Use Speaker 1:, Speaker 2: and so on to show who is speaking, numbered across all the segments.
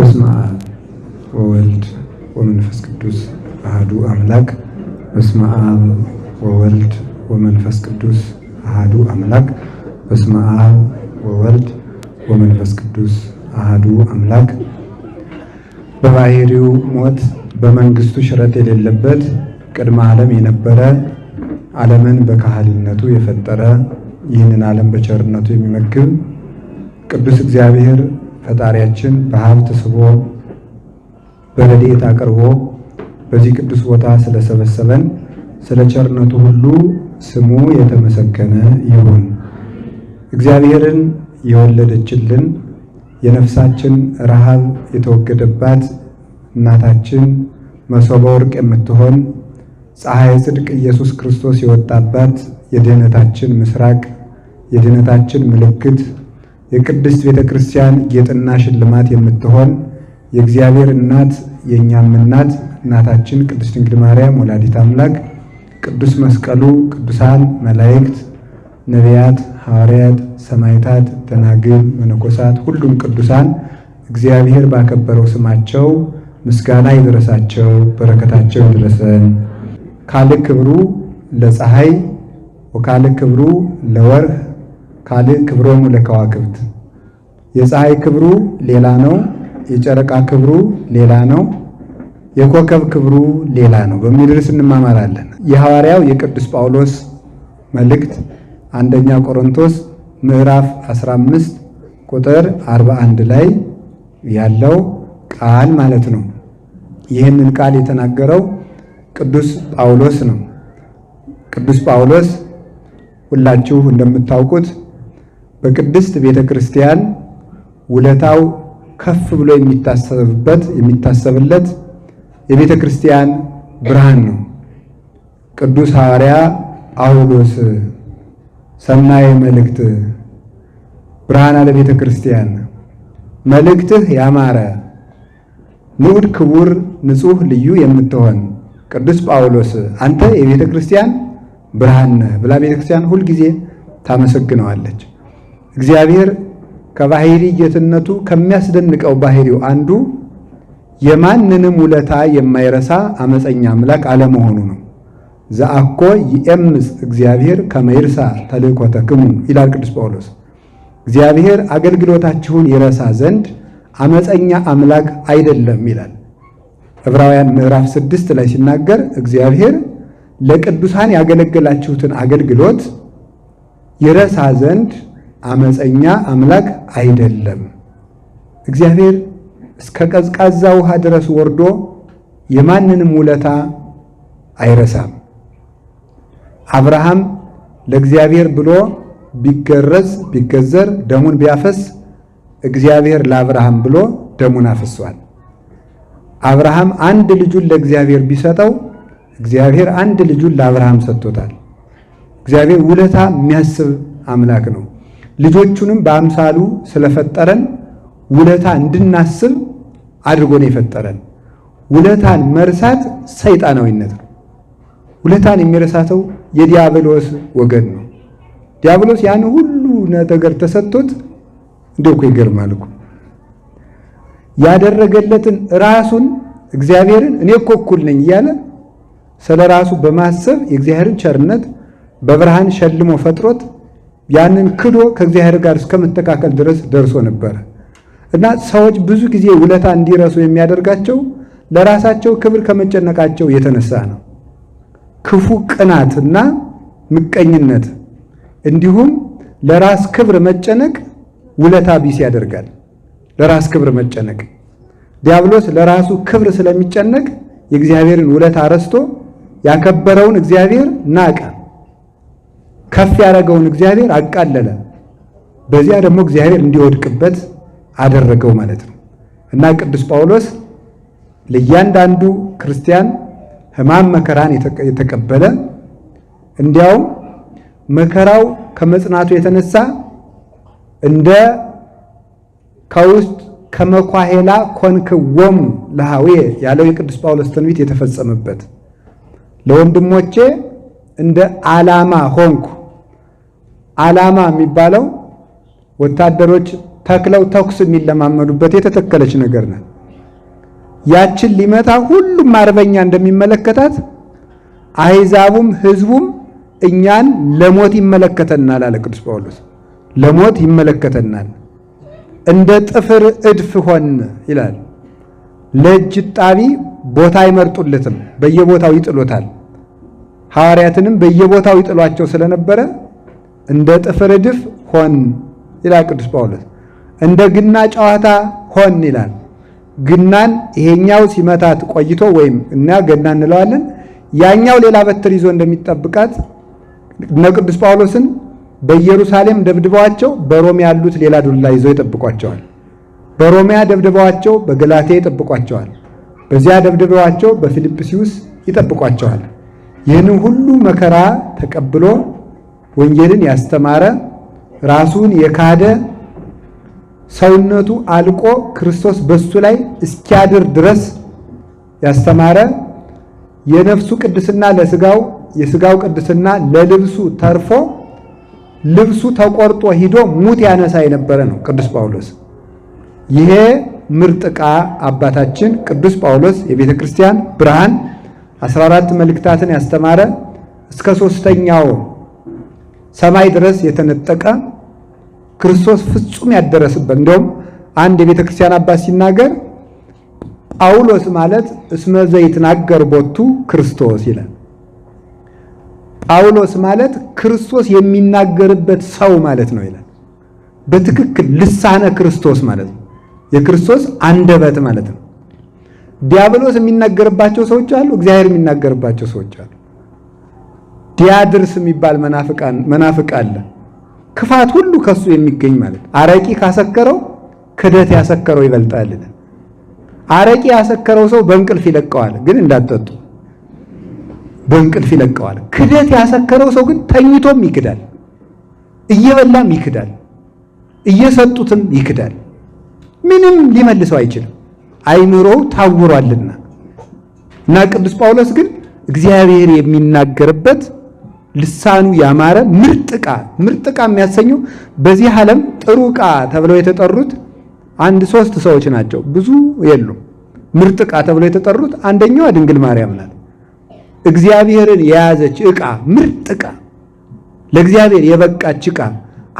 Speaker 1: በስመ አብ ወወልድ ወመንፈስ ቅዱስ አህዱ አምላክ። በስመ አብ ወወልድ ወመንፈስ ቅዱስ አህዱ አምላክ። በስመ አብ ወወልድ ወመንፈስ ቅዱስ አህዱ አምላክ። በባህሪው ሞት በመንግስቱ ሽረት የሌለበት ቅድመ ዓለም የነበረ ዓለምን በካህሊነቱ የፈጠረ ይህንን ዓለም በቸርነቱ የሚመግብ ቅዱስ እግዚአብሔር ፈጣሪያችን በሀብት ስቦ በረድኤት አቅርቦ በዚህ ቅዱስ ቦታ ስለሰበሰበን ስለ ቸርነቱ ሁሉ ስሙ የተመሰገነ ይሁን። እግዚአብሔርን የወለደችልን የነፍሳችን ረሃብ የተወገደባት እናታችን መሶበ ወርቅ የምትሆን ፀሐይ ጽድቅ ኢየሱስ ክርስቶስ የወጣባት የድህነታችን ምስራቅ የድህነታችን ምልክት የቅድስት ቤተ ክርስቲያን ጌጥና ሽልማት የምትሆን የእግዚአብሔር እናት የእኛም እናት እናታችን ቅድስት ድንግል ማርያም ወላዲት አምላክ ቅዱስ መስቀሉ፣ ቅዱሳን መላእክት፣ ነቢያት፣ ሐዋርያት፣ ሰማዕታት፣ ደናግል፣ መነኮሳት፣ ሁሉም ቅዱሳን እግዚአብሔር ባከበረው ስማቸው ምስጋና ይድረሳቸው፣ በረከታቸው ይድረሰን። ካል ክብሩ ለፀሐይ ወካል ክብሩ ለወርህ ካልዕ ክብሮሙ ለከዋክብት የፀሐይ ክብሩ ሌላ ነው፣ የጨረቃ ክብሩ ሌላ ነው፣ የኮከብ ክብሩ ሌላ ነው በሚል ርዕስ እንማማራለን። የሐዋርያው የቅዱስ ጳውሎስ መልእክት አንደኛ ቆሮንቶስ ምዕራፍ 15 ቁጥር 41 ላይ ያለው ቃል ማለት ነው። ይህንን ቃል የተናገረው ቅዱስ ጳውሎስ ነው። ቅዱስ ጳውሎስ ሁላችሁ እንደምታውቁት በቅድስት ቤተ ክርስቲያን ውለታው ከፍ ብሎ የሚታሰብበት የሚታሰብለት የቤተ ክርስቲያን ብርሃን ነው። ቅዱስ ሐዋርያ ጳውሎስ ሰናየ መልእክት ብርሃን አለ ቤተ ክርስቲያን መልእክትህ ያማረ ንዑድ ክቡር ንጹሕ ልዩ የምትሆን ቅዱስ ጳውሎስ አንተ የቤተ ክርስቲያን ብርሃን ነህ ብላ ቤተ ክርስቲያን ሁልጊዜ ታመሰግነዋለች። እግዚአብሔር ከባህሪ ጌትነቱ ከሚያስደንቀው ባህሪው አንዱ የማንንም ውለታ የማይረሳ አመፀኛ አምላክ አለመሆኑ ነው። ዘአኮ የኤምስ እግዚአብሔር ከመይርሳ ተልእኮተክሙ ይላል ቅዱስ ጳውሎስ። እግዚአብሔር አገልግሎታችሁን ይረሳ ዘንድ አመፀኛ አምላክ አይደለም ይላል። ዕብራውያን ምዕራፍ ስድስት ላይ ሲናገር እግዚአብሔር ለቅዱሳን ያገለገላችሁትን አገልግሎት ይረሳ ዘንድ አመፀኛ አምላክ አይደለም። እግዚአብሔር እስከ ቀዝቃዛ ውሃ ድረስ ወርዶ የማንንም ውለታ አይረሳም። አብርሃም ለእግዚአብሔር ብሎ ቢገረዝ ቢገዘር ደሙን ቢያፈስ እግዚአብሔር ለአብርሃም ብሎ ደሙን አፍሷል። አብርሃም አንድ ልጁን ለእግዚአብሔር ቢሰጠው እግዚአብሔር አንድ ልጁን ለአብርሃም ሰጥቶታል። እግዚአብሔር ውለታ የሚያስብ አምላክ ነው። ልጆቹንም በአምሳሉ ስለፈጠረን ውለታ እንድናስብ አድርጎ ነው የፈጠረን። ውለታን መርሳት ሰይጣናዊነት ነው። ውለታን የሚረሳተው የዲያብሎስ ወገን ነው። ዲያብሎስ ያን ሁሉ ነገር ተሰጥቶት እንደው እኮ ይገርማል እኮ ያደረገለትን ራሱን እግዚአብሔርን እኔ እኮ እኩል ነኝ እያለ ስለ ራሱ በማሰብ የእግዚአብሔርን ቸርነት በብርሃን ሸልሞ ፈጥሮት ያንን ክዶ ከእግዚአብሔር ጋር እስከመተካከል ድረስ ደርሶ ነበረ እና ሰዎች ብዙ ጊዜ ውለታ እንዲረሱ የሚያደርጋቸው ለራሳቸው ክብር ከመጨነቃቸው የተነሳ ነው። ክፉ ቅናት እና ምቀኝነት እንዲሁም ለራስ ክብር መጨነቅ ውለታ ቢስ ያደርጋል። ለራስ ክብር መጨነቅ ዲያብሎስ ለራሱ ክብር ስለሚጨነቅ የእግዚአብሔርን ውለታ ረስቶ ያከበረውን እግዚአብሔር ናቀ። ከፍ ያደረገውን እግዚአብሔር አቃለለ፣ በዚያ ደግሞ እግዚአብሔር እንዲወድቅበት አደረገው ማለት ነው እና ቅዱስ ጳውሎስ ለእያንዳንዱ ክርስቲያን ሕማም መከራን የተቀበለ እንዲያውም መከራው ከመጽናቱ የተነሳ እንደ ከውስጥ ከመኳሄላ ወም ለሐዌ ያለው የቅዱስ ጳውሎስ ትንቢት የተፈጸመበት ለወንድሞቼ እንደ ዓላማ ሆንኩ አላማ የሚባለው ወታደሮች ተክለው ተኩስ የሚለማመዱበት የተተከለች ነገር ናት። ያችን ሊመታ ሁሉም አርበኛ እንደሚመለከታት አሕዛቡም ህዝቡም እኛን ለሞት ይመለከተናል አለ ቅዱስ ጳውሎስ። ለሞት ይመለከተናል፣ እንደ ጥፍር እድፍ ሆን ይላል። ለእጅ ጣቢ ቦታ አይመርጡለትም፣ በየቦታው ይጥሎታል። ሐዋርያትንም በየቦታው ይጥሏቸው ስለነበረ እንደ ጥፍር ድፍ ሆን ይላል ቅዱስ ጳውሎስ። እንደ ግና ጨዋታ ሆን ይላል። ግናን ይሄኛው ሲመታት ቆይቶ ወይም እና ገና እንለዋለን። ያኛው ሌላ በትር ይዞ እንደሚጠብቃት እነ ቅዱስ ጳውሎስን በኢየሩሳሌም ደብድበዋቸው በሮም ያሉት ሌላ ዱላ ይዘው ይጠብቋቸዋል። በሮሚያ ደብድበዋቸው በገላቴ ይጠብቋቸዋል። በዚያ ደብድበዋቸው በፊልጵስዩስ ይጠብቋቸዋል። ይህንን ሁሉ መከራ ተቀብሎ ወንጌልን ያስተማረ ራሱን የካደ ሰውነቱ አልቆ ክርስቶስ በሱ ላይ እስኪያድር ድረስ ያስተማረ የነፍሱ ቅድስና ለስጋው የስጋው ቅድስና ለልብሱ ተርፎ ልብሱ ተቆርጦ ሂዶ ሙት ያነሳ የነበረ ነው ቅዱስ ጳውሎስ። ይሄ ምርጥ ዕቃ አባታችን ቅዱስ ጳውሎስ የቤተ ክርስቲያን ብርሃን 14 መልእክታትን ያስተማረ እስከ ሶስተኛው ሰማይ ድረስ የተነጠቀ ክርስቶስ ፍጹም ያደረስበት። እንደውም አንድ የቤተ ክርስቲያን አባት ሲናገር ጳውሎስ ማለት እስመ ዘይትናገር ቦቱ ክርስቶስ ይላል። ጳውሎስ ማለት ክርስቶስ የሚናገርበት ሰው ማለት ነው ይላል። በትክክል ልሳነ ክርስቶስ ማለት ነው። የክርስቶስ አንደበት ማለት ነው። ዲያብሎስ የሚናገርባቸው ሰዎች አሉ፣ እግዚአብሔር የሚናገርባቸው ሰዎች አሉ። ዲያድርስ የሚባል መናፍቅ አለ። ክፋት ሁሉ ከሱ የሚገኝ ማለት አረቂ ካሰከረው ክደት ያሰከረው ይበልጣል። አረቂ ያሰከረው ሰው በእንቅልፍ ይለቀዋል፣ ግን እንዳትጠጡ በእንቅልፍ ይለቀዋል። ክደት ያሰከረው ሰው ግን ተኝቶም ይክዳል፣ እየበላም ይክዳል፣ እየሰጡትም ይክዳል። ምንም ሊመልሰው አይችልም፣ አይምሮው ታውሯልና እና ቅዱስ ጳውሎስ ግን እግዚአብሔር የሚናገርበት ልሳኑ ያማረ ምርጥ ዕቃ ምርጥ ዕቃ የሚያሰኙ በዚህ ዓለም ጥሩ ዕቃ ተብለው የተጠሩት አንድ ሶስት ሰዎች ናቸው። ብዙ የሉም። ምርጥ ዕቃ ተብለው የተጠሩት አንደኛዋ ድንግል ማርያም ናት። እግዚአብሔርን የያዘች ዕቃ ምርጥ ዕቃ፣ ለእግዚአብሔር የበቃች ዕቃ፣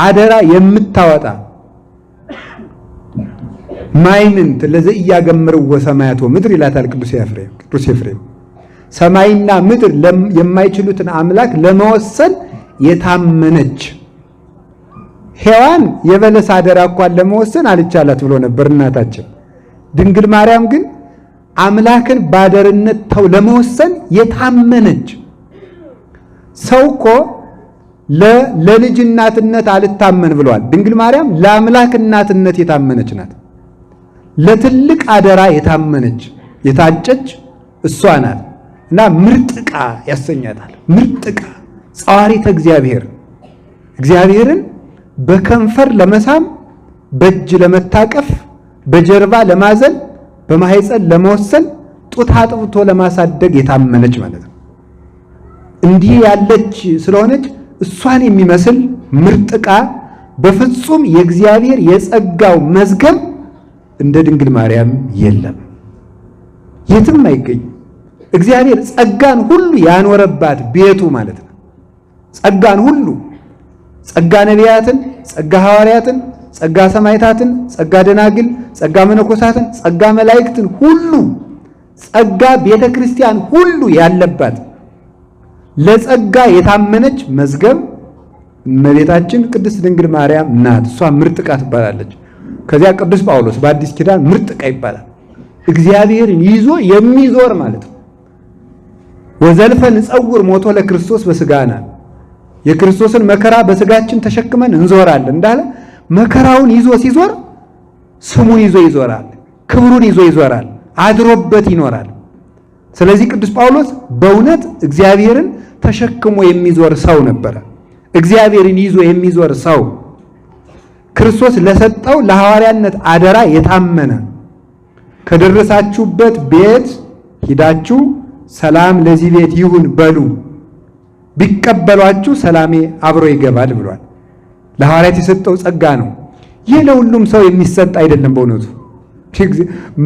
Speaker 1: አደራ የምታወጣ ማይምንት ለዘ እያገምርዎ ሰማያቶ ምድር ይላታል ቅዱስ ኤፍሬም ሰማይና ምድር የማይችሉትን አምላክ ለመወሰን የታመነች ሔዋን የበለስ አደራ እንኳን ለመወሰን አልቻላት ብሎ ነበር እናታችን። ድንግል ማርያም ግን አምላክን ባደርነት ተው ለመወሰን የታመነች ሰው እኮ ለልጅ እናትነት አልታመን ብሏል። ድንግል ማርያም ለአምላክ እናትነት የታመነች ናት። ለትልቅ አደራ የታመነች የታጨች እሷ ናት። እና ምርጥ ዕቃ ያሰኛታል። ምርጥ ዕቃ ጸዋሪተ እግዚአብሔር እግዚአብሔርን በከንፈር ለመሳም በእጅ ለመታቀፍ በጀርባ ለማዘን በማህፀን ለመወሰን ጡት አጥብቶ ለማሳደግ የታመነች ማለት ነው። እንዲህ ያለች ስለሆነች እሷን የሚመስል ምርጥ ዕቃ በፍጹም የእግዚአብሔር የጸጋው መዝገብ እንደ ድንግል ማርያም የለም፣ የትም አይገኝም። እግዚአብሔር ጸጋን ሁሉ ያኖረባት ቤቱ ማለት ነው። ጸጋን ሁሉ ጸጋ ነቢያትን፣ ጸጋ ሐዋርያትን፣ ጸጋ ሰማይታትን፣ ጸጋ ደናግል፣ ጸጋ መነኮሳትን፣ ጸጋ መላእክትን ሁሉ ጸጋ ቤተ ክርስቲያን ሁሉ ያለባት ለጸጋ የታመነች መዝገብ እመቤታችን ቅድስት ድንግል ማርያም ናት። እሷ ምርጥቃ ትባላለች። ከዚያ ቅዱስ ጳውሎስ በአዲስ ኪዳን ምርጥቃ ይባላል። እግዚአብሔርን ይዞ የሚዞር ማለት ነው። ወዘልፈ ንጸውር ሞቶ ለክርስቶስ በስጋና የክርስቶስን መከራ በስጋችን ተሸክመን እንዞራለን እንዳለ መከራውን ይዞ ሲዞር ስሙን ይዞ ይዞራል፣ ክብሩን ይዞ ይዞራል፣ አድሮበት ይኖራል። ስለዚህ ቅዱስ ጳውሎስ በእውነት እግዚአብሔርን ተሸክሞ የሚዞር ሰው ነበረ። እግዚአብሔርን ይዞ የሚዞር ሰው ክርስቶስ ለሰጠው ለሐዋርያነት አደራ የታመነ ከደረሳችሁበት ቤት ሂዳችሁ ሰላም ለዚህ ቤት ይሁን በሉ ቢቀበሏችሁ ሰላሜ አብሮ ይገባል ብሏል። ለሐዋርያት የሰጠው ጸጋ ነው። ይህ ለሁሉም ሰው የሚሰጥ አይደለም። በእውነቱ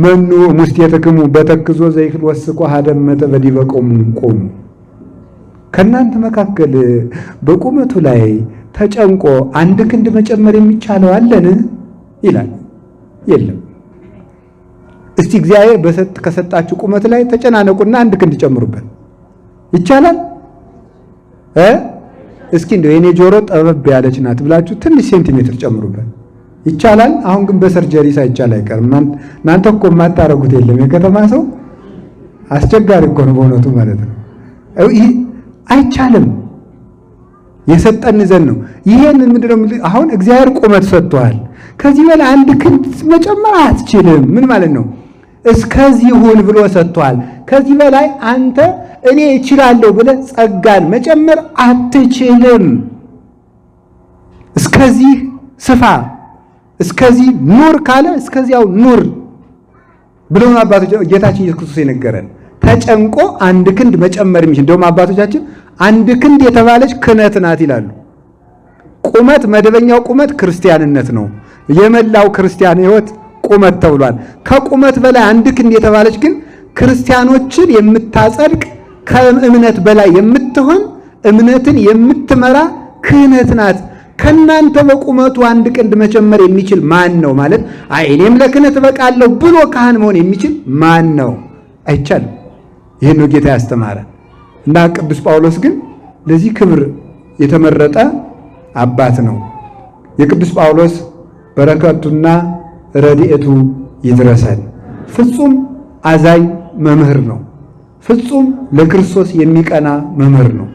Speaker 1: መኑ ሙስቴትክሙ በተክዞ ዘይክል ወስቆ ሀደመተ በዲበ ቆሙ። ከእናንተ መካከል በቁመቱ ላይ ተጨንቆ አንድ ክንድ መጨመር የሚቻለው አለን ይላል። የለም እስቲ እግዚአብሔር በሰጥ ከሰጣችሁ ቁመት ላይ ተጨናነቁና አንድ ክንድ ጨምሩበት። ይቻላል እ እስኪ እንደው የኔ ጆሮ ጠበብ ያለች ናት ብላችሁ ትንሽ ሴንቲሜትር ጨምሩበት። ይቻላል። አሁን ግን በሰርጀሪ ሳይቻል አይቀርም። እናንተ እኮ የማታረጉት የለም። የከተማ ሰው አስቸጋሪ እኮ ነው በእውነቱ ማለት ነው። አይቻልም። የሰጠን ዘን ነው። ይሄንን ምንድነው? አሁን እግዚአብሔር ቁመት ሰጥቷል። ከዚህ በላይ አንድ ክንድ መጨመር አትችልም። ምን ማለት ነው? እስከዚህ ሁን ብሎ ሰጥቷል። ከዚህ በላይ አንተ እኔ እችላለሁ ብለ ጸጋን መጨመር አትችልም። እስከዚህ ስፋ፣ እስከዚህ ኑር ካለ እስከዚያው ኑር ብለውን አባቶች ጌታችን ኢየሱስ ክርስቶስ የነገረን ተጨንቆ አንድ ክንድ መጨመር የሚችል እንደውም አባቶቻችን አንድ ክንድ የተባለች ክነት ናት ይላሉ። ቁመት መደበኛው ቁመት ክርስቲያንነት ነው። የመላው ክርስቲያን ህይወት ቁመት ተብሏል። ከቁመት በላይ አንድ ክንድ የተባለች ግን ክርስቲያኖችን የምታጸድቅ ከእምነት በላይ የምትሆን እምነትን የምትመራ ክህነት ናት። ከእናንተ በቁመቱ አንድ ክንድ መጨመር የሚችል ማን ነው? ማለት አይ እኔም ለክህነት በቃለሁ ብሎ ካህን መሆን የሚችል ማን ነው? አይቻልም። ይህን ነው ጌታ ያስተማረ እና ቅዱስ ጳውሎስ ግን ለዚህ ክብር የተመረጠ አባት ነው። የቅዱስ ጳውሎስ በረከቱና ረድኤቱ ይድረሰን። ፍጹም አዛኝ መምህር ነው። ፍጹም ለክርስቶስ የሚቀና መምህር ነው።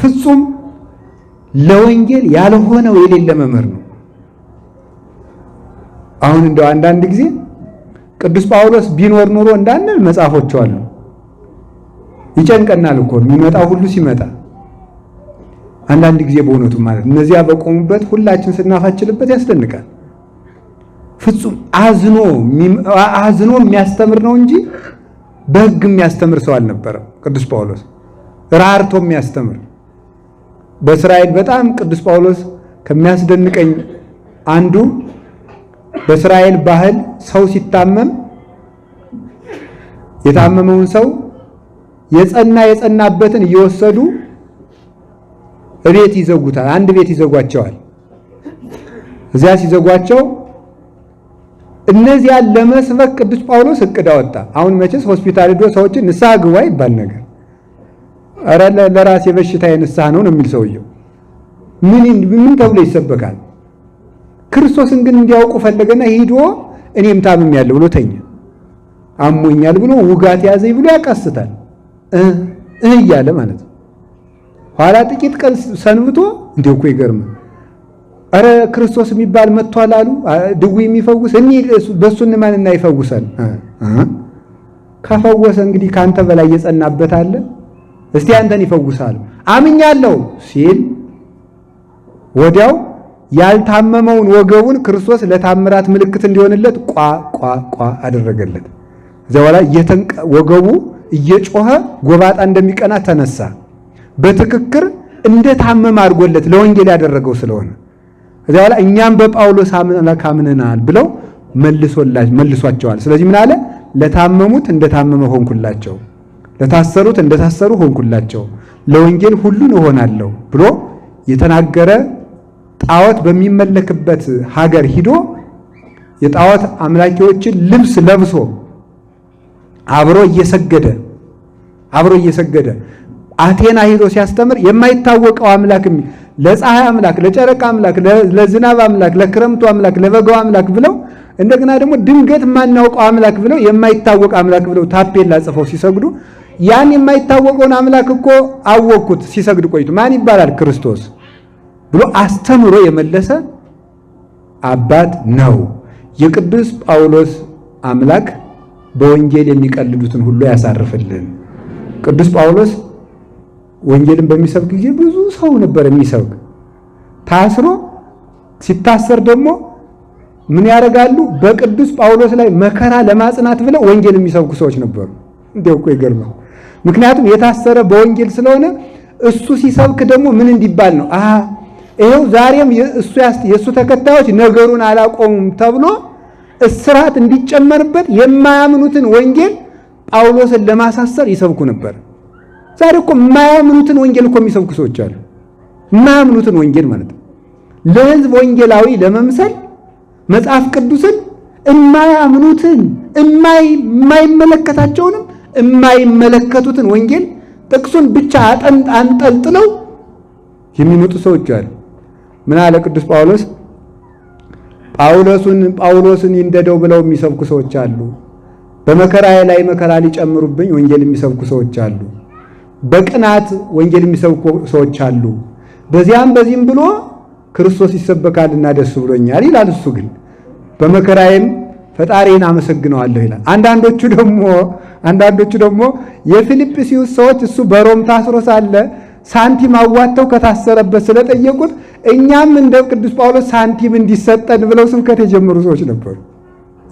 Speaker 1: ፍጹም ለወንጌል ያልሆነው የሌለ መምህር ነው። አሁን እንደው አንዳንድ ጊዜ ቅዱስ ጳውሎስ ቢኖር ኑሮ እንዳንል አሉ። ይጨንቀናል እኮ የሚመጣው ሁሉ ሲመጣ አንዳንድ ጊዜ በእውነቱ ማለት እነዚያ በቆሙበት ሁላችን ስናፋችልበት ያስደንቃል። ፍጹም አዝኖ አዝኖ የሚያስተምር ነው እንጂ በሕግ የሚያስተምር ሰው አልነበረም። ቅዱስ ጳውሎስ ራርቶ የሚያስተምር በእስራኤል በጣም ቅዱስ ጳውሎስ ከሚያስደንቀኝ አንዱ በእስራኤል ባህል ሰው ሲታመም የታመመውን ሰው የጸና የጸናበትን እየወሰዱ እቤት ይዘጉታል። አንድ ቤት ይዘጓቸዋል። እዚያ ሲዘጓቸው እነዚያን ለመስበክ ቅዱስ ጳውሎስ እቅድ አወጣ። አሁን መቼስ ሆስፒታል ሄዶ ሰዎችን ንስሐ ግባ ይባል ነገር፣ ኧረ ለራሴ በሽታ ንስሐ ነው ነው የሚል ሰውየው ምን ተብሎ ይሰበካል? ክርስቶስን ግን እንዲያውቁ ፈለገና ሂዶ እኔም ታምሜያለሁ ብሎ ተኛ። አሞኛል ብሎ ውጋት ያዘኝ ብሎ ያቃስታል እህ እያለ ማለት ነው። ኋላ ጥቂት ቀን ሰንብቶ እንዲሁ እኮ ይገርማል ኧረ ክርስቶስ የሚባል መጥቷል አሉ ድዊ የሚፈውስ እኔ በእሱ እና ይፈውሰን። ከፈወሰ እንግዲህ ከአንተ በላይ የጸናበት አለ? እስቲ አንተን ይፈውሳሉ አምኛለሁ ሲል ወዲያው ያልታመመውን ወገቡን ክርስቶስ ለታምራት ምልክት እንዲሆንለት ቋ ቋ ቋ አደረገለት። እዚያ በኋላ ወገቡ እየጮኸ ጎባጣ እንደሚቀና ተነሳ። በትክክር እንደታመመ አድርጎለት ለወንጌል ያደረገው ስለሆነ ከዚያ በኋላ እኛም በጳውሎስ አምላክ አምነናል ብለው መልሷቸዋል። ስለዚህ ምን አለ? ለታመሙት እንደታመመ ሆንኩላቸው፣ ለታሰሩት እንደታሰሩ ሆንኩላቸው፣ ለወንጌል ሁሉን እሆናለሁ ብሎ የተናገረ ጣዖት በሚመለክበት ሀገር ሂዶ የጣዖት አምላኪዎችን ልብስ ለብሶ አብሮ እየሰገደ አብሮ እየሰገደ አቴና ሂዶ ሲያስተምር የማይታወቀው አምላክ ለፀሐይ አምላክ፣ ለጨረቃ አምላክ፣ ለዝናብ አምላክ፣ ለክረምቱ አምላክ፣ ለበጋው አምላክ ብለው እንደገና ደግሞ ድንገት የማናውቀው አምላክ ብለው የማይታወቅ አምላክ ብለው ታፔላ ጽፈው ሲሰግዱ ያን የማይታወቀውን አምላክ እኮ አወቅኩት ሲሰግድ ቆይቱ ማን ይባላል? ክርስቶስ ብሎ አስተምሮ የመለሰ አባት ነው። የቅዱስ ጳውሎስ አምላክ በወንጌል የሚቀልዱትን ሁሉ ያሳርፍልን። ቅዱስ ጳውሎስ ወንጌልን በሚሰብክ ጊዜ ብዙ ሰው ነበር የሚሰብክ። ታስሮ ሲታሰር ደግሞ ምን ያደርጋሉ? በቅዱስ ጳውሎስ ላይ መከራ ለማጽናት ብለው ወንጌል የሚሰብኩ ሰዎች ነበሩ። እንዲያው እኮ ይገርማል። ምክንያቱም የታሰረ በወንጌል ስለሆነ እሱ ሲሰብክ ደግሞ ምን እንዲባል ነው? አሃ ይኸው ዛሬም የእሱ ተከታዮች ነገሩን አላቆሙም ተብሎ እስራት እንዲጨመርበት የማያምኑትን ወንጌል ጳውሎስን ለማሳሰር ይሰብኩ ነበር። ዛሬ እኮ የማያምኑትን ወንጌል እኮ የሚሰብኩ ሰዎች አሉ። የማያምኑትን ወንጌል ማለት ነው። ለህዝብ ወንጌላዊ ለመምሰል መጽሐፍ ቅዱስን የማያምኑትን የማይመለከታቸውንም የማይመለከቱትን ወንጌል ጥቅሱን ብቻ አንጠልጥለው የሚመጡ ሰዎች አሉ። ምን አለ ቅዱስ ጳውሎስ? ጳውሎስን ጳውሎስን ይንደደው ብለው የሚሰብኩ ሰዎች አሉ። በመከራዬ ላይ መከራ ሊጨምሩብኝ ወንጌል የሚሰብኩ ሰዎች አሉ። በቅናት ወንጌል የሚሰብኩ ሰዎች አሉ። በዚያም በዚህም ብሎ ክርስቶስ ይሰበካልና ደስ ብሎኛል ይላል። እሱ ግን በመከራዬም ፈጣሪን አመሰግነዋለሁ ይላል። አንዳንዶቹ ደግሞ አንዳንዶቹ ደግሞ የፊልጵስዩስ ሰዎች እሱ በሮም ታስሮ ሳለ ሳንቲም አዋጥተው ከታሰረበት ስለጠየቁት እኛም እንደ ቅዱስ ጳውሎስ ሳንቲም እንዲሰጠን ብለው ስብከት የጀመሩ ሰዎች ነበሩ።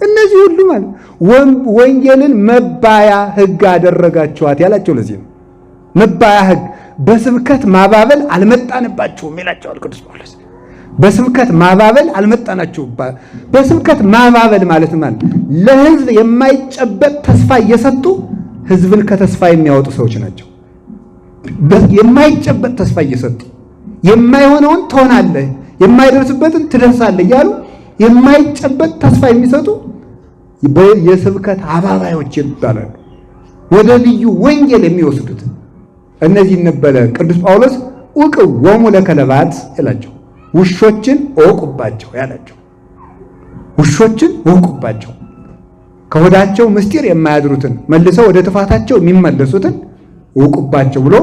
Speaker 1: እነዚህ ሁሉ ማለት ወንጌልን መባያ ሕግ አደረጋችኋት ያላቸው ለዚህ ነው። መባያ ሕግ በስብከት ማባበል አልመጣንባችሁም ይላቸዋል ቅዱስ ጳውሎስ። በስብከት ማባበል አልመጣናችሁም። በስብከት ማባበል ማለት ማለት ለህዝብ የማይጨበጥ ተስፋ እየሰጡ ህዝብን ከተስፋ የሚያወጡ ሰዎች ናቸው። የማይጨበጥ ተስፋ እየሰጡ የማይሆነውን ትሆናለህ፣ የማይደርስበትን ትደርሳለህ እያሉ የማይጨበጥ ተስፋ የሚሰጡ የስብከት አባባዮች ይባላሉ። ወደ ልዩ ወንጌል የሚወስዱት እነዚህ ነበረ ቅዱስ ጳውሎስ እውቅ ወሙ ለከለባት ያላቸው ውሾችን እወቁባቸው ያላቸው ውሾችን እወቁባቸው ከሆዳቸው ምስጢር የማያድሩትን መልሰው ወደ ትፋታቸው የሚመለሱትን እውቁባቸው ብሎ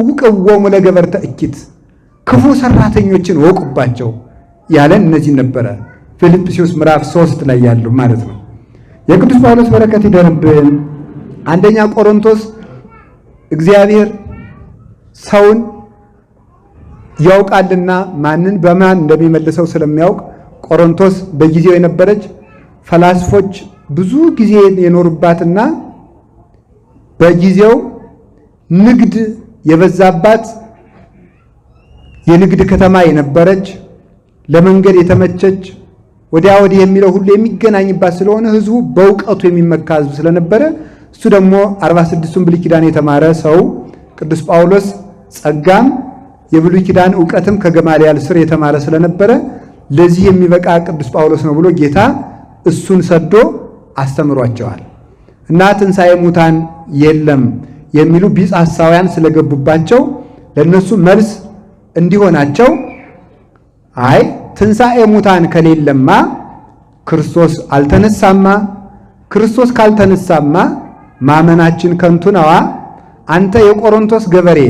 Speaker 1: እውቅ ወሙ ለገበርተ እኪት ክፉ ሰራተኞችን እወቁባቸው ያለን እነዚህ ነበረ። ፊልጵስዩስ ምዕራፍ ሶስት ላይ ያሉ ማለት ነው። የቅዱስ ጳውሎስ በረከት ይደርብን። አንደኛ ቆሮንቶስ እግዚአብሔር ሰውን ያውቃልና ማንን በማን እንደሚመልሰው ስለሚያውቅ ቆሮንቶስ በጊዜው የነበረች ፈላስፎች ብዙ ጊዜ የኖሩባትና በጊዜው ንግድ የበዛባት የንግድ ከተማ የነበረች ለመንገድ የተመቸች ወዲያ ወዲህ የሚለው ሁሉ የሚገናኝባት ስለሆነ ህዝቡ በእውቀቱ የሚመካ ህዝብ ስለነበረ እሱ ደግሞ 46ቱን ብሉይ ኪዳን የተማረ ሰው ቅዱስ ጳውሎስ ጸጋም የብሉይ ኪዳን እውቀትም ከገማልያል ስር የተማረ ስለነበረ ለዚህ የሚበቃ ቅዱስ ጳውሎስ ነው ብሎ ጌታ እሱን ሰዶ አስተምሯቸዋል። እና ትንሣኤ ሙታን የለም የሚሉ ቢጽ ሐሳውያን ስለገቡባቸው ለእነሱ መልስ እንዲሆናቸው አይ ትንሣኤ ሙታን ከሌለማ ክርስቶስ አልተነሳማ፣ ክርስቶስ ካልተነሳማ ማመናችን ከንቱ ነዋ። አንተ የቆሮንቶስ ገበሬ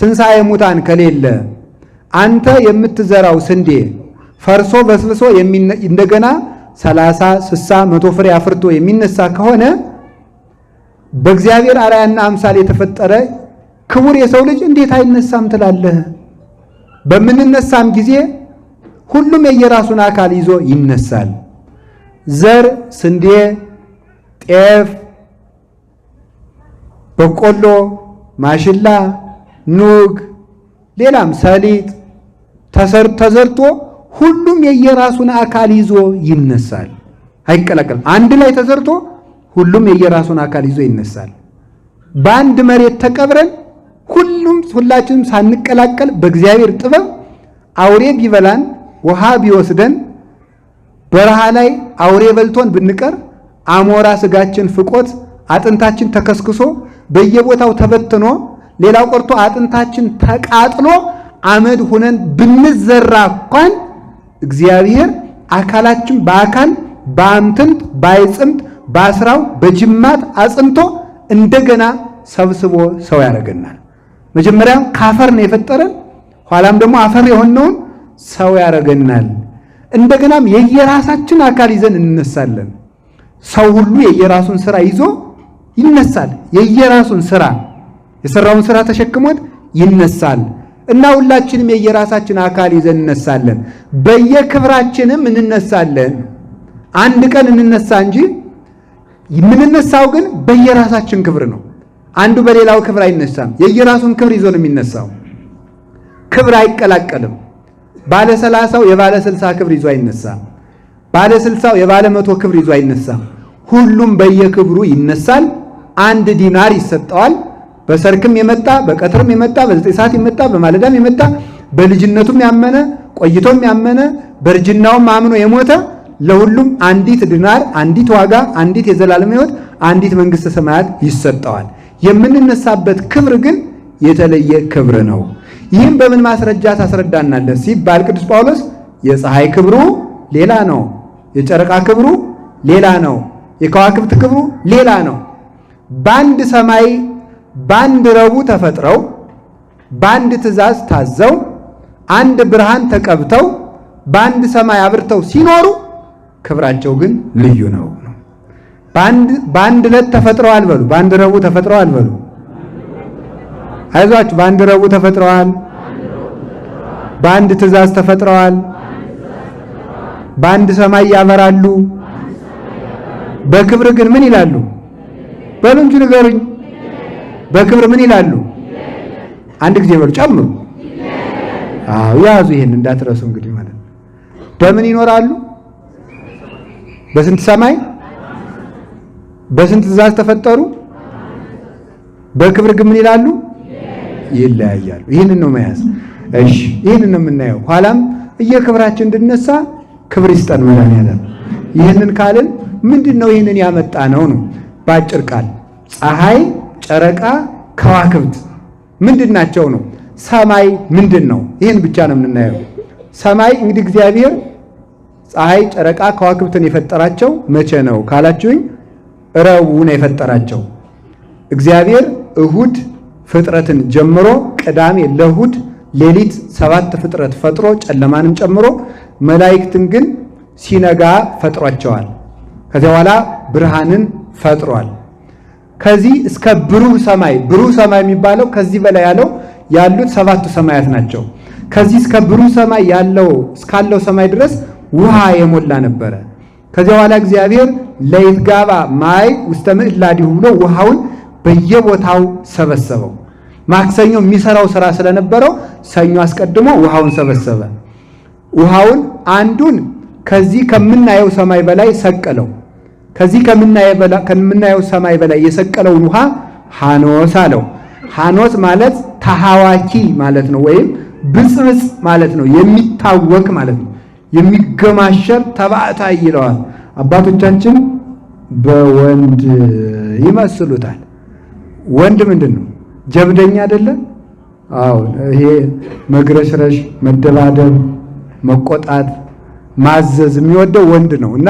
Speaker 1: ትንሣኤ ሙታን ከሌለ አንተ የምትዘራው ስንዴ ፈርሶ በስብሶ እንደገና ሰላሳ ስሳ መቶ ፍሬ አፍርቶ የሚነሳ ከሆነ በእግዚአብሔር አርአያና አምሳል የተፈጠረ ክቡር የሰው ልጅ እንዴት አይነሳም ትላለህ? በምንነሳም ጊዜ ሁሉም የየራሱን አካል ይዞ ይነሳል። ዘር ስንዴ፣ ጤፍ በቆሎ፣ ማሽላ፣ ኑግ፣ ሌላም ሰሊጥ ተዘርቶ ሁሉም የየራሱን አካል ይዞ ይነሳል። አይቀላቀልም። አንድ ላይ ተዘርቶ ሁሉም የየራሱን አካል ይዞ ይነሳል። በአንድ መሬት ተቀብረን ሁሉም ሁላችንም ሳንቀላቀል በእግዚአብሔር ጥበብ አውሬ ቢበላን ውሃ ቢወስደን በረሃ ላይ አውሬ በልቶን ብንቀር አሞራ ስጋችን ፍቆት አጥንታችን ተከስክሶ በየቦታው ተበትኖ ሌላው ቀርቶ አጥንታችን ተቃጥሎ አመድ ሆነን ብንዘራ እንኳን እግዚአብሔር አካላችን በአካል በአምትንት ባይጽምት በአስራው በጅማት አጽንቶ እንደገና ሰብስቦ ሰው ያደርገናል። መጀመሪያ ከአፈር ነው የፈጠረን፣ ኋላም ደግሞ አፈር የሆነውን ሰው ያደርገናል። እንደገናም የየራሳችን አካል ይዘን እንነሳለን። ሰው ሁሉ የየራሱን ስራ ይዞ ይነሳል። የየራሱን ስራ የሰራውን ስራ ተሸክሞት ይነሳል እና ሁላችንም የየራሳችን አካል ይዘን እንነሳለን። በየክብራችንም እንነሳለን። አንድ ቀን እንነሳ እንጂ የምንነሳው ግን በየራሳችን ክብር ነው። አንዱ በሌላው ክብር አይነሳም። የየራሱን ክብር ይዞ ነው የሚነሳው። ክብር አይቀላቀልም። ባለ ሰላሳው የባለ ስልሳ ክብር ይዞ አይነሳም። ባለ ስልሳው የባለ መቶ ክብር ይዞ አይነሳም። ሁሉም በየክብሩ ይነሳል። አንድ ዲናር ይሰጠዋል። በሰርክም የመጣ በቀትርም የመጣ በዘጠኝ ሰዓት የመጣ በማለዳም የመጣ በልጅነቱም ያመነ ቆይቶም ያመነ በእርጅናውም አምኖ የሞተ ለሁሉም አንዲት ዲናር፣ አንዲት ዋጋ፣ አንዲት የዘላለም ሕይወት፣ አንዲት መንግሥተ ሰማያት ይሰጠዋል። የምንነሳበት ክብር ግን የተለየ ክብር ነው። ይህም በምን ማስረጃ ታስረዳናለህ ሲባል ቅዱስ ጳውሎስ የፀሐይ ክብሩ ሌላ ነው፣ የጨረቃ ክብሩ ሌላ ነው፣ የከዋክብት ክብሩ ሌላ ነው በአንድ ሰማይ በአንድ ረቡዕ ተፈጥረው በአንድ ትእዛዝ ታዘው አንድ ብርሃን ተቀብተው በአንድ ሰማይ አብርተው ሲኖሩ ክብራቸው ግን ልዩ ነው። በአንድ ዕለት ተፈጥረው አልበሉ፣ በአንድ ረቡዕ ተፈጥረው አልበሉ። አይዟችሁ፣ በአንድ ረቡዕ ተፈጥረዋል፣ በአንድ ትእዛዝ ተፈጥረዋል፣ በአንድ ሰማይ ያበራሉ። በክብር ግን ምን ይላሉ? በሉ እንጂ ንገሩኝ። በክብር ምን ይላሉ? አንድ ጊዜ በሉ ጨምሩ። አዎ ያዙ፣ ይሄን እንዳትረሱ። እንግዲህ ማለት ነው በምን ይኖራሉ? በስንት ሰማይ፣ በስንት ትእዛዝ ተፈጠሩ። በክብር ግን ምን ይላሉ? ይለያያሉ። ይህንን ነው መያዝ። እሺ፣ ይህንን ነው የምናየው። ኋላም እየክብራችን እንድነሳ ክብር ይስጠን መድኃኒዓለም። ይህንን ካልን ምንድን ነው ይህንን ያመጣ ነው ነው በአጭር ቃል ፀሐይ፣ ጨረቃ፣ ከዋክብት ምንድን ናቸው ነው። ሰማይ ምንድን ነው? ይህን ብቻ ነው የምናየው። ሰማይ እንግዲህ እግዚአብሔር ፀሐይ፣ ጨረቃ፣ ከዋክብትን የፈጠራቸው መቼ ነው ካላችሁኝ ረቡዕ ነው የፈጠራቸው። እግዚአብሔር እሁድ ፍጥረትን ጀምሮ ቅዳሜ ለእሁድ ሌሊት ሰባት ፍጥረት ፈጥሮ ጨለማንም ጨምሮ መላእክትን ግን ሲነጋ ፈጥሯቸዋል። ከዚያ በኋላ ብርሃንን ፈጥሯል። ከዚህ እስከ ብሩህ ሰማይ ብሩህ ሰማይ የሚባለው ከዚህ በላይ ያለው ያሉት ሰባቱ ሰማያት ናቸው። ከዚህ እስከ ብሩህ ሰማይ ያለው እስካለው ሰማይ ድረስ ውሃ የሞላ ነበረ። ከዚያ በኋላ እግዚአብሔር ለይትጋባ ማይ ውስተ ምዕላዲሁ ብሎ ውሃውን በየቦታው ሰበሰበው። ማክሰኞ የሚሰራው ስራ ስለነበረው ሰኞ አስቀድሞ ውሃውን ሰበሰበ። ውሃውን አንዱን ከዚህ ከምናየው ሰማይ በላይ ሰቀለው። ከዚህ ከምናየው ሰማይ በላይ የሰቀለውን ውሃ ሐኖስ አለው። ሐኖስ ማለት ተሐዋኪ ማለት ነው፣ ወይም ብጽብጽ ማለት ነው፣ የሚታወቅ ማለት ነው፣ የሚገማሸር ተባዕታ ይለዋል። አባቶቻችን በወንድ ይመስሉታል። ወንድ ምንድን ነው? ጀብደኛ አይደለም? አዎ፣ ይሄ መግረሽረሽ፣ መደባደብ፣ መቆጣት፣ ማዘዝ የሚወደው ወንድ ነው እና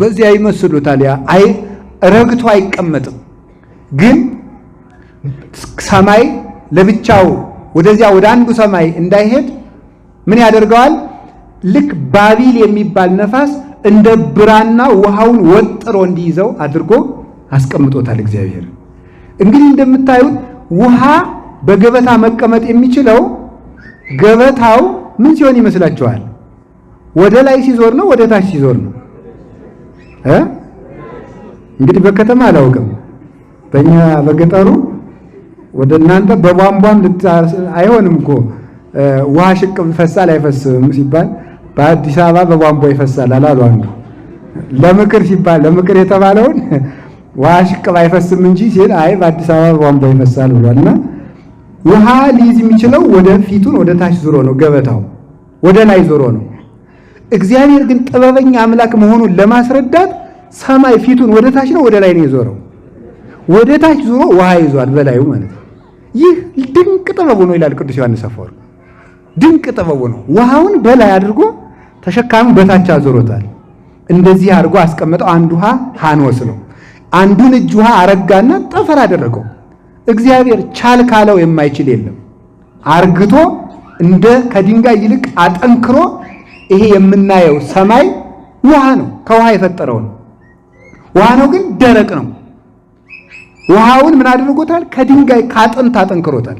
Speaker 1: በዚያ ይመስሉታል። ያ አይ ረግቶ አይቀመጥም። ግን ሰማይ ለብቻው ወደዚያ ወደ አንዱ ሰማይ እንዳይሄድ ምን ያደርገዋል? ልክ ባቢል የሚባል ነፋስ እንደ ብራና ውሃውን ወጥሮ እንዲይዘው አድርጎ አስቀምጦታል እግዚአብሔር። እንግዲህ እንደምታዩት ውሃ በገበታ መቀመጥ የሚችለው ገበታው ምን ሲሆን ይመስላችኋል? ወደ ላይ ሲዞር ነው? ወደ ታች ሲዞር ነው? እንግዲህ በከተማ አላውቅም፣ በእኛ በገጠሩ ወደ እናንተ በቧንቧም አይሆንም እኮ ውሃ ሽቅ ይፈሳል አይፈስም ሲባል በአዲስ አበባ በቧንቧ ይፈሳል አላሉ አንዱ። ለምክር ሲባል ለምክር የተባለውን ውሃ ሽቅ አይፈስም እንጂ ሲል አይ በአዲስ አበባ በቧንቧ ይፈሳል ብሏል። እና ውሃ ሊይዝ የሚችለው ወደ ፊቱን ወደ ታች ዞሮ ነው፣ ገበታው ወደ ላይ ዞሮ ነው። እግዚአብሔር ግን ጥበበኛ አምላክ መሆኑን ለማስረዳት ሰማይ ፊቱን ወደ ታች ነው ወደ ላይ ነው የዞረው? ወደ ታች ዞሮ ውሃ ይዟል በላዩ ማለት ነው። ይህ ድንቅ ጥበቡ ነው ይላል ቅዱስ ዮሐንስ አፈወርቅ። ድንቅ ጥበቡ ነው። ውሃውን በላይ አድርጎ ተሸካሚ በታች አዞሮታል። እንደዚህ አድርጎ አስቀምጠው። አንድ ውሃ ሃኖስ ነው። አንዱን እጅ ውሃ አረጋና ጠፈር አደረገው። እግዚአብሔር ቻል ካለው የማይችል የለም። አርግቶ እንደ ከድንጋይ ይልቅ አጠንክሮ ይሄ የምናየው ሰማይ ውሃ ነው፣ ከውሃ የፈጠረው ነው። ውሃ ነው ግን ደረቅ ነው። ውሃውን ምን አድርጎታል? ከድንጋይ ከአጥንት አጠንክሮታል።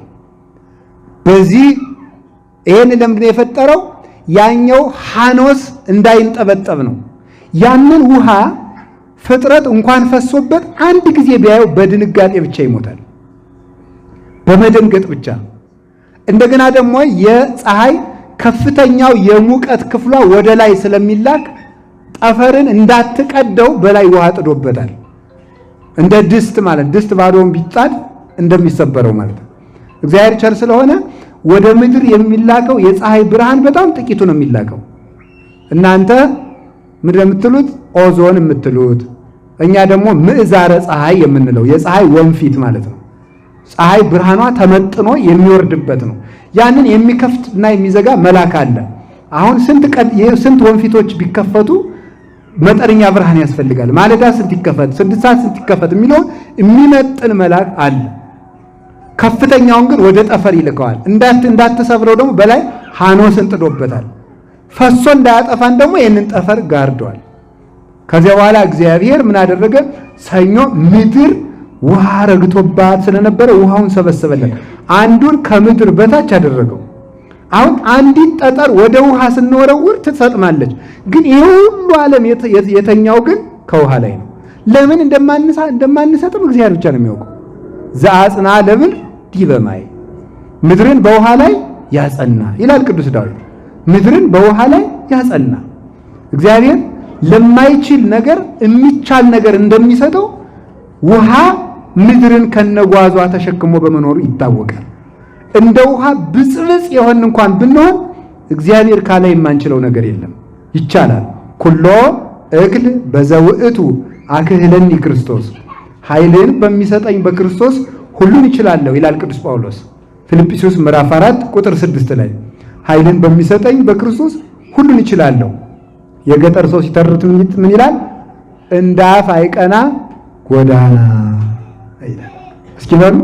Speaker 1: በዚህ ይሄን ለምንድን የፈጠረው? ያኛው ሃኖስ እንዳይንጠበጠብ ነው። ያንን ውሃ ፍጥረት እንኳን ፈሶበት አንድ ጊዜ ቢያየው በድንጋጤ ብቻ ይሞታል፣ በመደንገጥ ብቻ። እንደገና ደግሞ የፀሐይ ከፍተኛው የሙቀት ክፍሏ ወደ ላይ ስለሚላክ ጠፈርን እንዳትቀደው በላይ ውሃ ጥዶበታል። እንደ ድስት ማለት ድስት ባዶውን ቢጣድ እንደሚሰበረው ማለት ነው። እግዚአብሔር ቸር ስለሆነ ወደ ምድር የሚላከው የፀሐይ ብርሃን በጣም ጥቂቱ ነው የሚላከው። እናንተ ምድር የምትሉት ኦዞን የምትሉት እኛ ደግሞ ምዕዛረ ፀሐይ የምንለው የፀሐይ ወንፊት ማለት ነው። ፀሐይ ብርሃኗ ተመጥኖ የሚወርድበት ነው። ያንን የሚከፍት እና የሚዘጋ መላክ አለ። አሁን ስንት ስንት ወንፊቶች ቢከፈቱ መጠነኛ ብርሃን ያስፈልጋል። ማለዳ ስንት ይከፈት፣ ስድስት ሰዓት ስንት ይከፈት የሚለውን የሚመጥን መላክ አለ። ከፍተኛውን ግን ወደ ጠፈር ይልከዋል። እንዳትሰብረው ደግሞ በላይ ሃኖስን ጥዶበታል። ፈሶ እንዳያጠፋን ደግሞ ይህንን ጠፈር ጋርደዋል። ከዚያ በኋላ እግዚአብሔር ምን አደረገ? ሰኞ ምድር ውሃ ረግቶባት ስለነበረ ውሃውን ሰበሰበለት። አንዱን ከምድር በታች አደረገው። አሁን አንዲት ጠጠር ወደ ውሃ ስንወረውር ትሰጥማለች። ግን ይሄ ሁሉ ዓለም የተኛው ግን ከውሃ ላይ ነው። ለምን እንደማንሰጥም እግዚአብሔር ብቻ ነው የሚያውቀው። ዘአጽንዐ ለምድር ዲበ ምድርን በውሃ ላይ ያጸና ይላል ቅዱስ ዳዊት። ምድርን በውሃ ላይ ያጸና እግዚአብሔር ለማይችል ነገር የሚቻል ነገር እንደሚሰጠው ውሃ ምድርን ከነጓዟ ተሸክሞ በመኖሩ ይታወቃል። እንደ ውሃ ብጽብጽ የሆን እንኳን ብንሆን እግዚአብሔር ካለ የማንችለው ነገር የለም፣ ይቻላል። ኩሎ እክል በዘውእቱ አክህለኒ ክርስቶስ፣ ኃይልን በሚሰጠኝ በክርስቶስ ሁሉን ይችላለሁ ይላል ቅዱስ ጳውሎስ ፊልጵስዩስ ምዕራፍ 4 ቁጥር 6 ላይ ኃይልን በሚሰጠኝ በክርስቶስ ሁሉን ይችላለሁ። የገጠር ሰው ሲተርት ምን ይላል? እንደ አፍ አይቀና ጎዳና እስኪ በሉ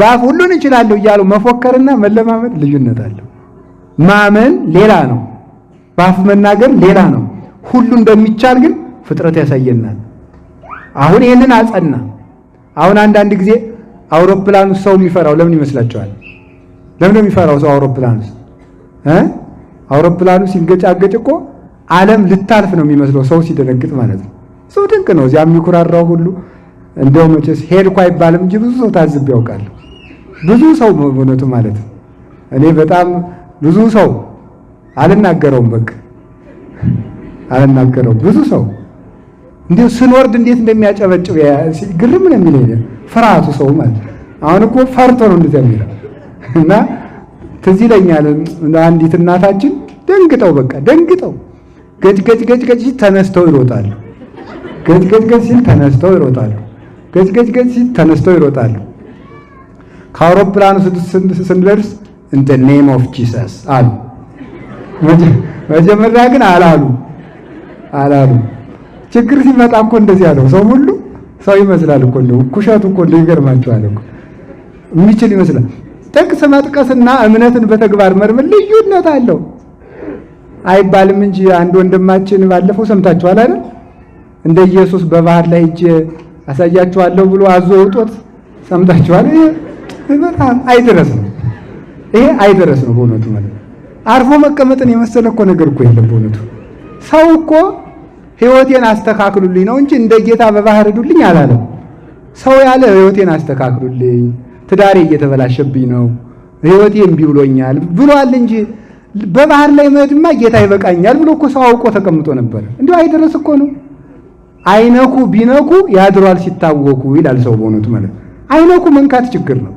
Speaker 1: ባፍ ሁሉን እንችላለሁ እያሉ መፎከርና መለማመድ ልዩነት አለው። ማመን ሌላ ነው፣ ባፍ መናገር ሌላ ነው። ሁሉ እንደሚቻል ግን ፍጥረት ያሳየናል። አሁን ይህንን አጸና። አሁን አንዳንድ ጊዜ አውሮፕላን ውስጥ ሰው የሚፈራው ለምን ይመስላችኋል? ለምን የሚፈራው ሰው አውሮፕላን ውስጥ እ አውሮፕላኑ ሲንገጫገጭ እኮ ዓለም ልታልፍ ነው የሚመስለው ሰው ሲደነግጥ ማለት ነው። ሰው ድንቅ ነው እዚያ የሚኩራራው ሁሉ እንደው መቼስ ሄድኩ አይባልም እንጂ ብዙ ሰው ታዝብ ያውቃል። ብዙ ሰው በእውነቱ ማለት እኔ በጣም ብዙ ሰው አልናገረውም፣ በቃ አልናገረውም። ብዙ ሰው እንዴ ስንወርድ እንዴት እንደሚያጨበጭብ ግርም ነው የሚለኝ ፍርሃቱ ሰው ማለት አሁን እኮ ፈርቶ ነው እንደዚያ የሚለው እና ትዝ ይለኛል አንዲት እናታችን ደንግጠው በቃ ደንግጠው ገጭ ገጭ ገጭ ገጭ ተነስተው ይሮጣሉ። ገጭ ገጭ ገጭ ሲል ተነስተው ይሮጣሉ። ገጭ ገጭ ገጭ ተነስተው ይሮጣሉ። ከአውሮፕላኑ ስንደርስ እንደ ኔም ኦፍ ጂሰስ አሉ። መጀመሪያ ግን አላሉ አላሉ። ችግር ሲመጣ እኮ እንደዚህ ያለው ሰው ሁሉ ሰው ይመስላል እኮ እንደው ኩሸቱ እኮ እንደው ይገርማችኋል እኮ የሚችል ይመስላል። ጥቅስ መጥቀስና እምነትን በተግባር መርምር ልዩነት አለው አይባልም እንጂ አንድ ወንድማችን ባለፈው ሰምታችኋል አይደል? እንደ ኢየሱስ በባህር ላይ እጅ አሳያችኋለሁ ብሎ አዞ ውጦት ሰምታችኋል። በጣም አይደረስ ነው ይሄ አይደረስ ነው በእውነቱ ማለት አርፎ መቀመጥን የመሰለ እኮ ነገር እኮ የለም በእውነቱ ሰው እኮ ህይወቴን አስተካክሉልኝ ነው እንጂ እንደ ጌታ በባህር ሂዱልኝ አላለም። ሰው ያለ ህይወቴን አስተካክሉልኝ፣ ትዳሬ እየተበላሸብኝ ነው፣ ህይወቴ እምቢ ብሎኛል ብሏል እንጂ በባህር ላይ መሄድማ ጌታ ይበቃኛል ብሎ እኮ ሰው አውቆ ተቀምጦ ነበር። እንዲሁ አይደረስ እኮ ነው። አይነኩ ቢነኩ ያድሯል ሲታወኩ ይላል ሰው በእውነቱ ማለት አይነኩ መንካት ችግር ነው